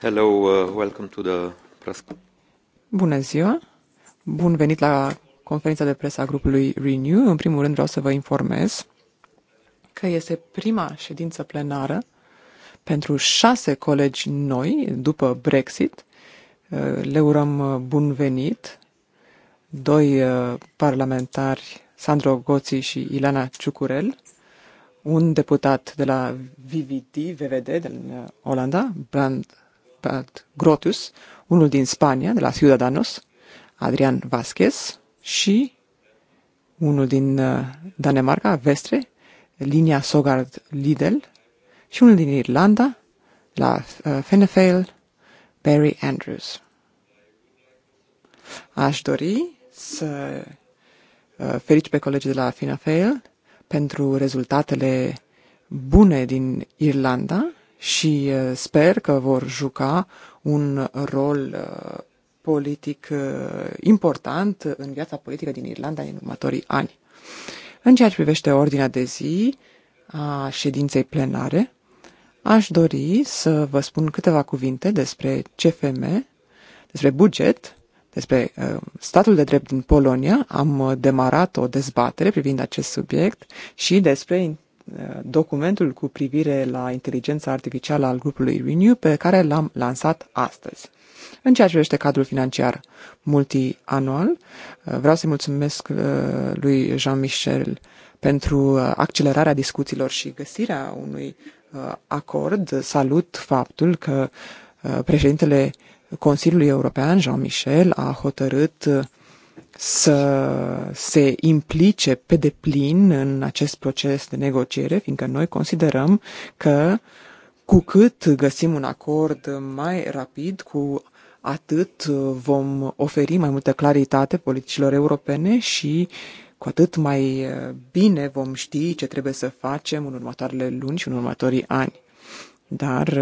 Hello, uh, welcome to the press. Bună ziua! Bun venit la conferința de presă a grupului Renew. În primul rând vreau să vă informez că este prima ședință plenară pentru șase colegi noi după Brexit. Uh, le urăm uh, bun venit. Doi uh, parlamentari, Sandro Goți și Ilana Ciucurel, un deputat de la VVD, VVD, din Olanda, Brand Pat Grotius, unul din Spania, de la Ciudadanos, Adrian Vasquez și unul din uh, Danemarca, Vestre, linia Sogard Lidl și unul din Irlanda, la uh, Fenefail, Barry Andrews. Aș dori să uh, ferici pe colegii de la Fenefail pentru rezultatele bune din Irlanda și uh, sper că vor juca un rol uh, politic uh, important în viața politică din Irlanda în următorii ani. În ceea ce privește ordinea de zi a ședinței plenare, aș dori să vă spun câteva cuvinte despre CFM, despre buget, despre statul de drept din Polonia. Am demarat o dezbatere privind acest subiect și despre documentul cu privire la inteligența artificială al grupului Renew pe care l-am lansat astăzi. În ceea ce privește cadrul financiar multianual, vreau să-i mulțumesc uh, lui Jean-Michel pentru uh, accelerarea discuțiilor și găsirea unui uh, acord. Salut faptul că președintele Consiliului European, Jean-Michel, a hotărât să se implice pe deplin în acest proces de negociere, fiindcă noi considerăm că cu cât găsim un acord mai rapid, cu atât vom oferi mai multă claritate politicilor europene și cu atât mai bine vom ști ce trebuie să facem în următoarele luni și în următorii ani. Dar,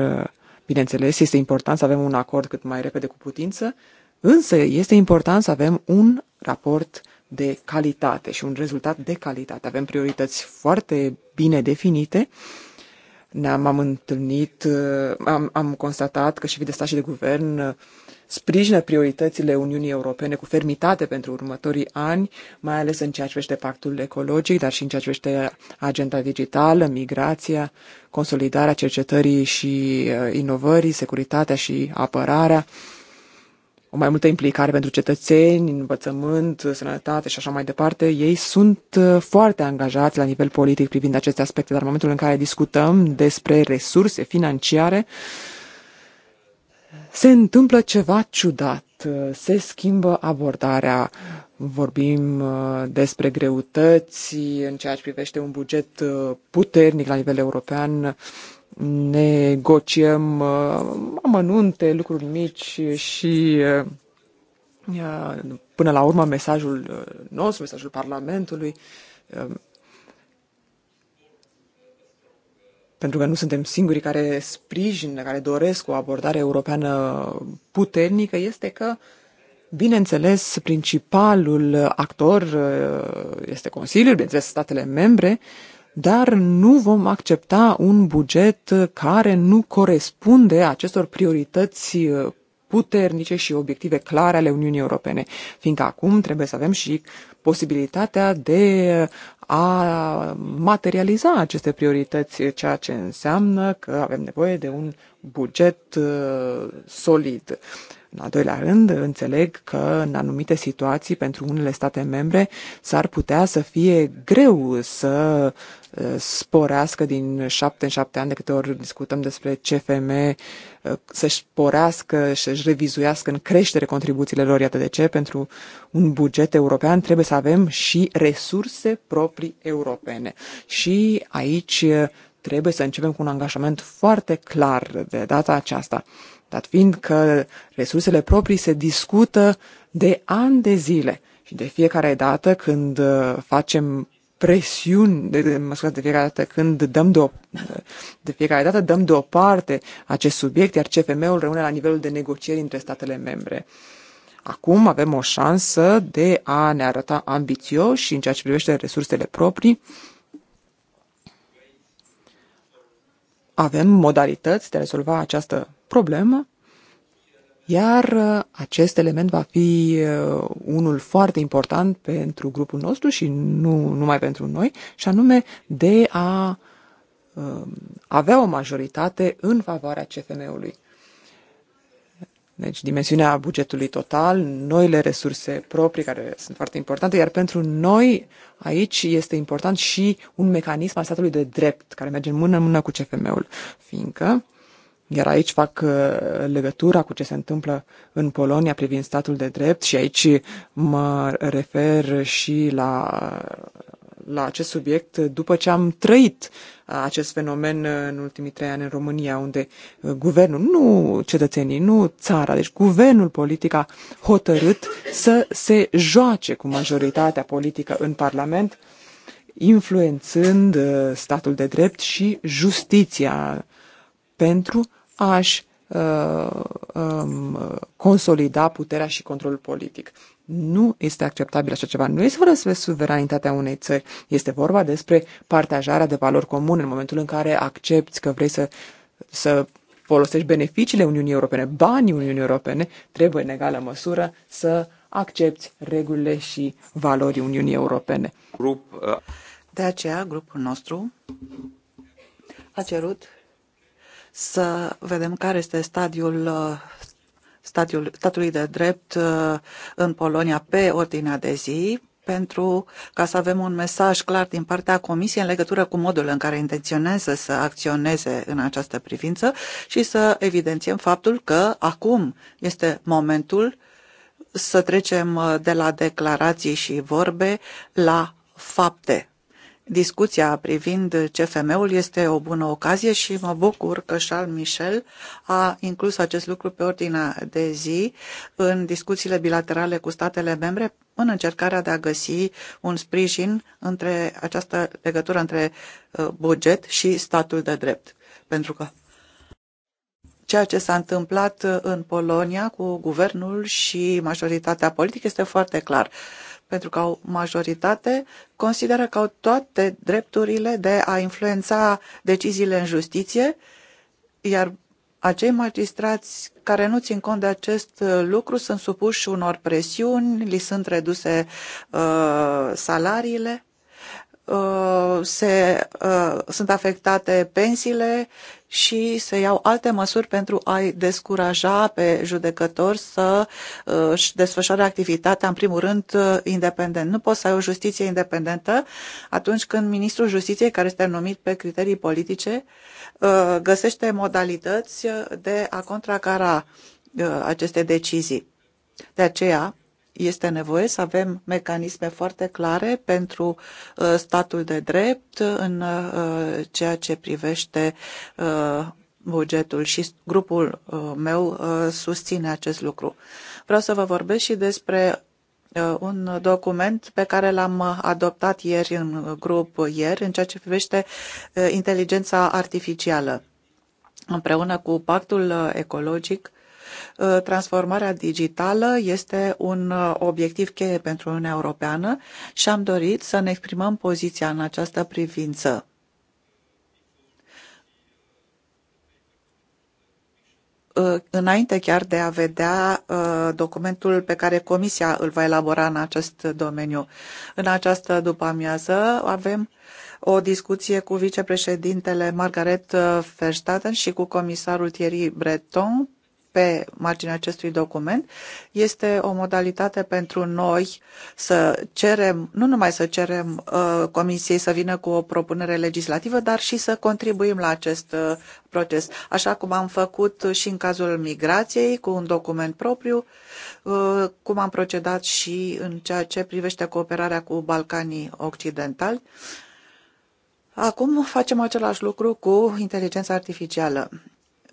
bineînțeles, este important să avem un acord cât mai repede cu putință, Însă este important să avem un raport de calitate și un rezultat de calitate. Avem priorități foarte bine definite. Ne-am am întâlnit, uh, am, am constatat că șefii de stat și de guvern uh, sprijină prioritățile Uniunii Europene cu fermitate pentru următorii ani, mai ales în ceea ce privește pactul ecologic, dar și în ceea ce privește agenda digitală, migrația, consolidarea cercetării și uh, inovării, securitatea și apărarea o mai multă implicare pentru cetățeni, învățământ, sănătate și așa mai departe. Ei sunt uh, foarte angajați la nivel politic privind aceste aspecte, dar în momentul în care discutăm despre resurse financiare, se întâmplă ceva ciudat, se schimbă abordarea. Vorbim uh, despre greutăți în ceea ce privește un buget uh, puternic la nivel european, negociem uh, amănunte, lucruri mici și uh, uh, până la urmă mesajul nostru, mesajul Parlamentului, pentru că nu suntem singurii care sprijină, care doresc o abordare europeană puternică, este că, bineînțeles, principalul actor este Consiliul, bineînțeles, statele membre, dar nu vom accepta un buget care nu corespunde acestor priorități uh, puternice și obiective clare ale Uniunii Europene, fiindcă acum trebuie să avem și posibilitatea de a materializa aceste priorități, ceea ce înseamnă că avem nevoie de un buget uh, solid. În al doilea rând, înțeleg că în anumite situații, pentru unele state membre, s-ar putea să fie greu să uh, sporească din șapte în șapte ani, de câte ori discutăm despre CFM să-și sporească și să-și revizuiască în creștere contribuțiile lor. Iată de ce, pentru un buget european trebuie să avem și resurse proprii europene. Și aici trebuie să începem cu un angajament foarte clar de data aceasta, dat fiind că resursele proprii se discută de ani de zile. Și de fiecare dată când facem presiuni, de, de, mă scuze, de fiecare dată când dăm de, o, de fiecare dată dăm deoparte acest subiect, iar CFM-ul rămâne la nivelul de negocieri între statele membre. Acum avem o șansă de a ne arăta ambițioși în ceea ce privește resursele proprii. Avem modalități de a rezolva această problemă iar uh, acest element va fi uh, unul foarte important pentru grupul nostru și nu numai pentru noi, și anume de a uh, avea o majoritate în favoarea CFM-ului. Deci dimensiunea bugetului total, noile resurse proprii care sunt foarte importante, iar pentru noi aici este important și un mecanism al statului de drept care merge mână în mână cu CFM-ul, fiindcă iar aici fac uh, legătura cu ce se întâmplă în Polonia privind statul de drept și aici mă refer și la, la acest subiect după ce am trăit acest fenomen în ultimii trei ani în România, unde uh, guvernul, nu cetățenii, nu țara, deci guvernul politic a hotărât să se joace cu majoritatea politică în Parlament, influențând uh, statul de drept și justiția pentru a-și uh, um, consolida puterea și controlul politic. Nu este acceptabil așa ceva. Nu este vorba despre suveranitatea unei țări. Este vorba despre partajarea de valori comune în momentul în care accepti că vrei să, să folosești beneficiile Uniunii Europene, banii Uniunii Europene, trebuie în egală măsură să accepti regulile și valorii Uniunii Europene. Grup, uh... De aceea, grupul nostru a cerut să vedem care este stadiul uh, stadiul statului de drept uh, în Polonia pe ordinea de zi pentru ca să avem un mesaj clar din partea Comisiei în legătură cu modul în care intenționează să acționeze în această privință și să evidențiem faptul că acum este momentul să trecem uh, de la declarații și vorbe la fapte Discuția privind CFM-ul este o bună ocazie și mă bucur că Charles Michel a inclus acest lucru pe ordinea de zi în discuțiile bilaterale cu statele membre în încercarea de a găsi un sprijin între această legătură între uh, buget și statul de drept. Pentru că ceea ce s-a întâmplat uh, în Polonia cu guvernul și majoritatea politică este foarte clar pentru că au majoritate, consideră că au toate drepturile de a influența deciziile în justiție, iar acei magistrați care nu țin cont de acest uh, lucru sunt supuși unor presiuni, li sunt reduse uh, salariile. Uh, se, uh, sunt afectate pensiile și se iau alte măsuri pentru a-i descuraja pe judecători să uh, își desfășoare activitatea, în primul rând, independent. Nu poți să ai o justiție independentă atunci când ministrul justiției, care este numit pe criterii politice, găsește modalități de a contracara aceste decizii. De aceea, este nevoie să avem mecanisme foarte clare pentru uh, statul de drept în uh, ceea ce privește uh, bugetul și grupul meu susține acest lucru. Vreau să vă vorbesc și despre un document pe care l-am adoptat ieri în grup ieri în ceea ce privește inteligența artificială. Împreună cu pactul ecologic Uh, transformarea digitală este un uh, obiectiv cheie pentru Uniunea Europeană și am dorit să ne exprimăm poziția în această privință. Uh, înainte chiar de a vedea documentul pe care Comisia îl va elabora în acest domeniu. În această după-amiază avem o discuție cu vicepreședintele Margaret Verstappen și cu comisarul Thierry Breton pe marginea acestui document este o modalitate pentru noi să cerem, nu numai să cerem uh, Comisiei să vină cu o propunere legislativă, dar și să contribuim la acest uh, proces. Așa cum am făcut și în cazul migrației, cu un document propriu, uh, cum am procedat și în ceea ce privește cooperarea cu Balcanii Occidentali. Acum facem același lucru cu inteligența artificială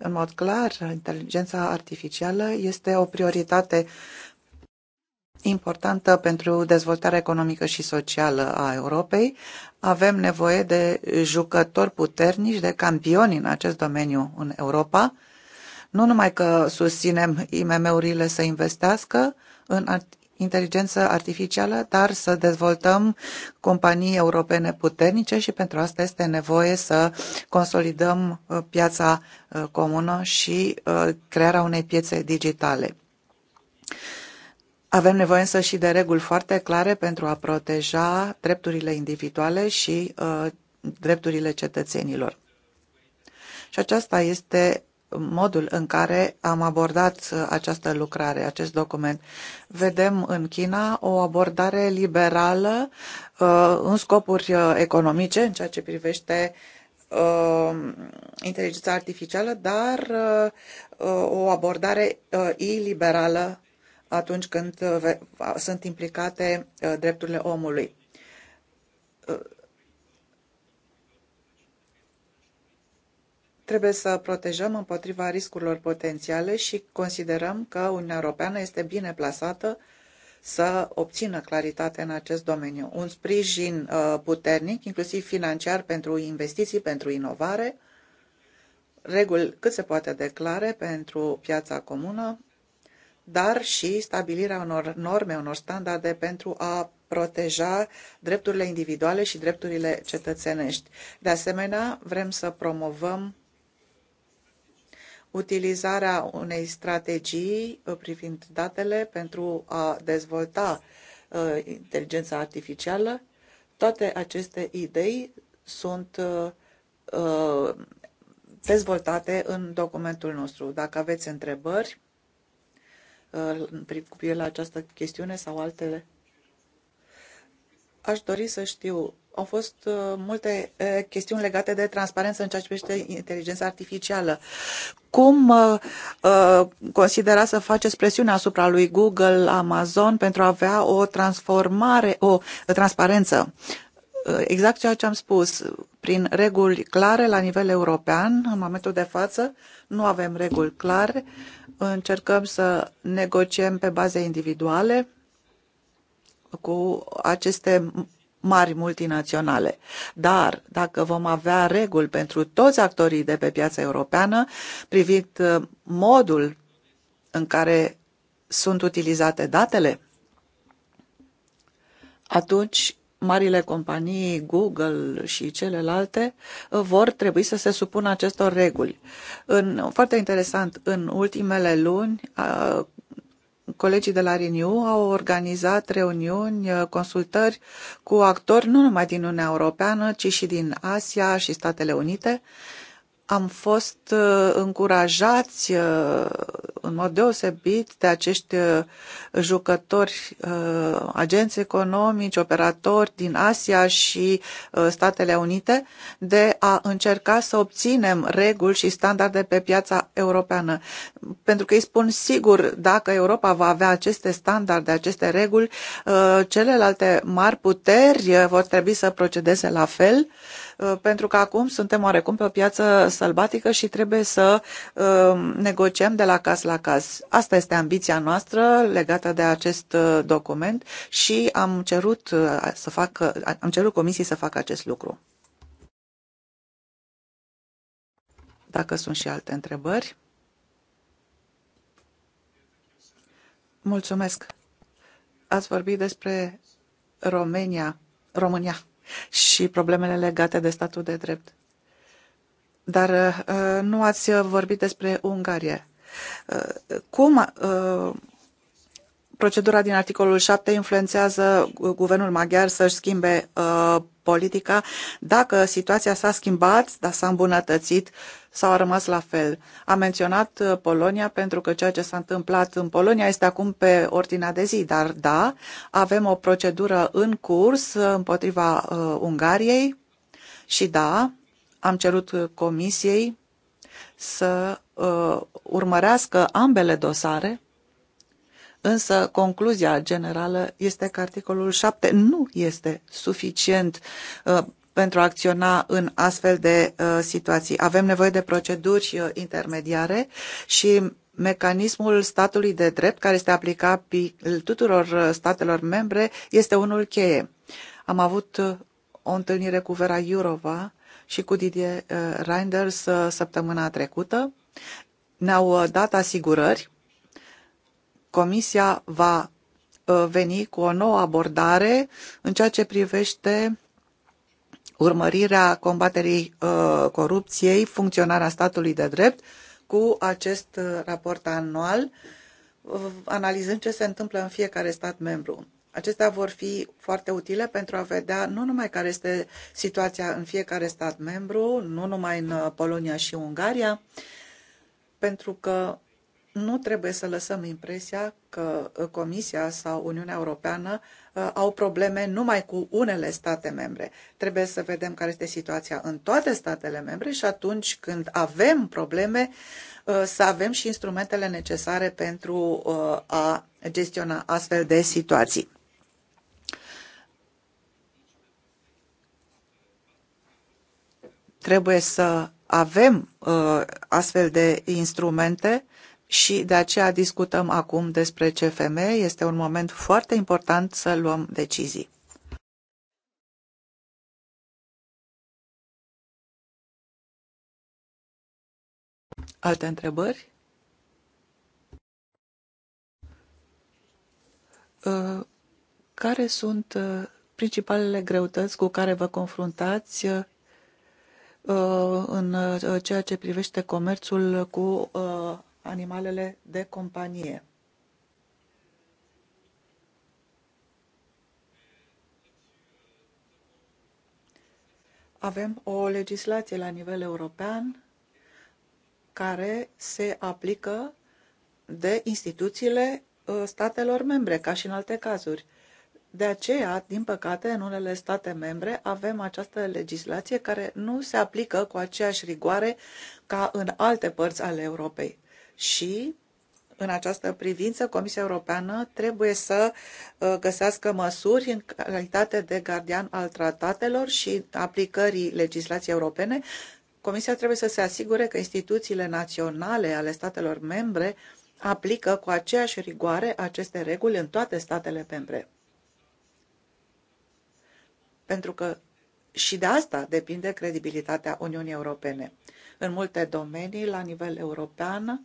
în mod clar, inteligența artificială este o prioritate importantă pentru dezvoltarea economică și socială a Europei. Avem nevoie de jucători puternici, de campioni în acest domeniu în Europa. Nu numai că susținem IMM-urile să investească în inteligență artificială, dar să dezvoltăm companii europene puternice și pentru asta este nevoie să consolidăm uh, piața uh, comună și uh, crearea unei piețe digitale. Avem nevoie însă și de reguli foarte clare pentru a proteja drepturile individuale și drepturile cetățenilor. Și aceasta este modul în care am abordat uh, această lucrare, acest document. Vedem în China o abordare liberală uh, în scopuri uh, economice, în ceea ce privește inteligența artificială, dar o abordare iliberală atunci când sunt implicate drepturile omului Trebuie să protejăm împotriva riscurilor potențiale și considerăm că Uniunea Europeană este bine plasată să obțină claritate în acest domeniu. Un sprijin uh, puternic, inclusiv financiar, pentru investiții, pentru inovare, reguli cât se poate de clare pentru piața comună, dar și stabilirea unor norme, unor standarde pentru a proteja drepturile individuale și drepturile cetățenești. De asemenea, vrem să promovăm utilizarea unei strategii uh, privind datele pentru a dezvolta uh, inteligența artificială. Toate aceste idei sunt uh, dezvoltate în documentul nostru. Dacă aveți întrebări cu privire la această chestiune sau altele, aș dori să știu au fost uh, multe uh, chestiuni legate de transparență în ceea ce privește inteligența artificială. Cum uh, considera să faceți presiune asupra lui Google, Amazon pentru a avea o transformare, o transparență? Exact ceea ce am spus, prin reguli clare la nivel european, în momentul de față nu avem reguli clare, încercăm să negociem pe baze individuale cu aceste mari multinaționale. Dar dacă vom avea reguli pentru toți actorii de pe piața europeană privind uh, modul în care sunt utilizate datele, atunci marile companii, Google și celelalte, uh, vor trebui să se supună acestor reguli. În, foarte interesant, în ultimele luni, uh, colegii de la Renew au organizat reuniuni, uh, consultări cu actori nu numai din Uniunea Europeană, ci și din Asia și Statele Unite am fost uh, încurajați uh, în mod deosebit de acești uh, jucători, agenți economici, operatori din Asia și Statele Unite de a încerca să obținem reguli și standarde pe piața europeană. Pentru că îi spun sigur, dacă Europa va avea aceste standarde, aceste reguli, celelalte mari puteri vor trebui să procedeze la fel Uh, pentru că acum suntem oarecum pe o piață sălbatică și trebuie să uh, negociem de la caz la caz. Asta este ambiția noastră legată de acest uh, document și am cerut, să fac am cerut comisiei să facă acest lucru. Dacă sunt și alte întrebări. Mulțumesc. Ați vorbit despre România. România și problemele legate de statul de drept. Dar uh, nu ați vorbit despre Ungarie. Uh, cum uh, procedura din articolul 7 influențează guvernul maghiar să-și schimbe uh, politica. Dacă situația s-a schimbat, dar s-a îmbunătățit sau a rămas la fel. Am menționat uh, Polonia pentru că ceea ce s-a întâmplat în Polonia este acum pe ordinea de zi, dar da, avem o procedură în curs uh, împotriva uh, Ungariei și da, am cerut uh, comisiei să uh, urmărească ambele dosare Însă concluzia generală este că articolul 7 nu este suficient uh, pentru a acționa în astfel de uh, situații. Avem nevoie de proceduri uh, intermediare și mecanismul statului de drept care este aplicabil tuturor uh, statelor membre este unul cheie. Am avut uh, o întâlnire cu Vera Iurova și cu Didier uh, Reinders săptămâna trecută. Ne-au dat asigurări Comisia va uh, veni cu o nouă abordare în ceea ce privește urmărirea combaterii uh, corupției, funcționarea statului de drept cu acest uh, raport anual, analizând ce se întâmplă în fiecare stat membru. Acestea vor fi foarte utile pentru a vedea nu numai care este situația în fiecare stat membru, nu numai în Polonia și Ungaria, pentru că nu trebuie să lăsăm impresia că uh, Comisia sau Uniunea Europeană uh, au probleme numai cu unele state membre. Trebuie să vedem care este situația în toate statele membre și atunci când avem probleme, uh, să avem și instrumentele necesare pentru a gestiona astfel de situații. Trebuie să avem astfel de instrumente și de aceea discutăm acum despre CFM. Este un moment foarte important să luăm decizii. Alte întrebări? Uh, care sunt uh, principalele greutăți cu care vă confruntați uh, în ceea ce privește comerțul cu animalele de companie. Avem o legislație la nivel european care se aplică de instituțiile uh, statelor membre, ca și în alte cazuri. De aceea, din păcate, în unele state membre avem această legislație care nu se aplică cu aceeași rigoare ca în alte părți ale Europei și în această privință, Comisia Europeană trebuie să uh, găsească măsuri în calitate de gardian al tratatelor și aplicării legislației europene. Comisia trebuie să se asigure că instituțiile naționale ale statelor membre aplică cu aceeași rigoare aceste reguli în toate statele membre. Pentru că și de asta depinde credibilitatea Uniunii Europene. În multe domenii, la nivel european,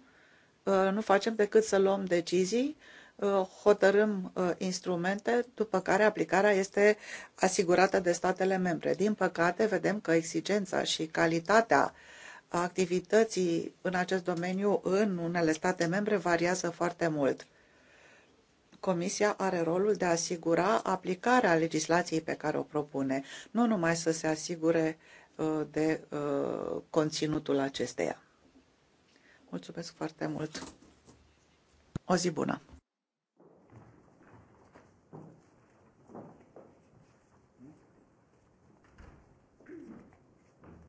Uh, nu facem decât să luăm decizii, uh, hotărâm uh, instrumente, după care aplicarea este asigurată de statele membre. Din păcate, vedem că exigența și calitatea activității în acest domeniu în unele state membre variază foarte mult. Comisia are rolul de a asigura aplicarea legislației pe care o propune, nu numai să se asigure de conținutul acesteia. Mulțumesc foarte mult! O zi bună!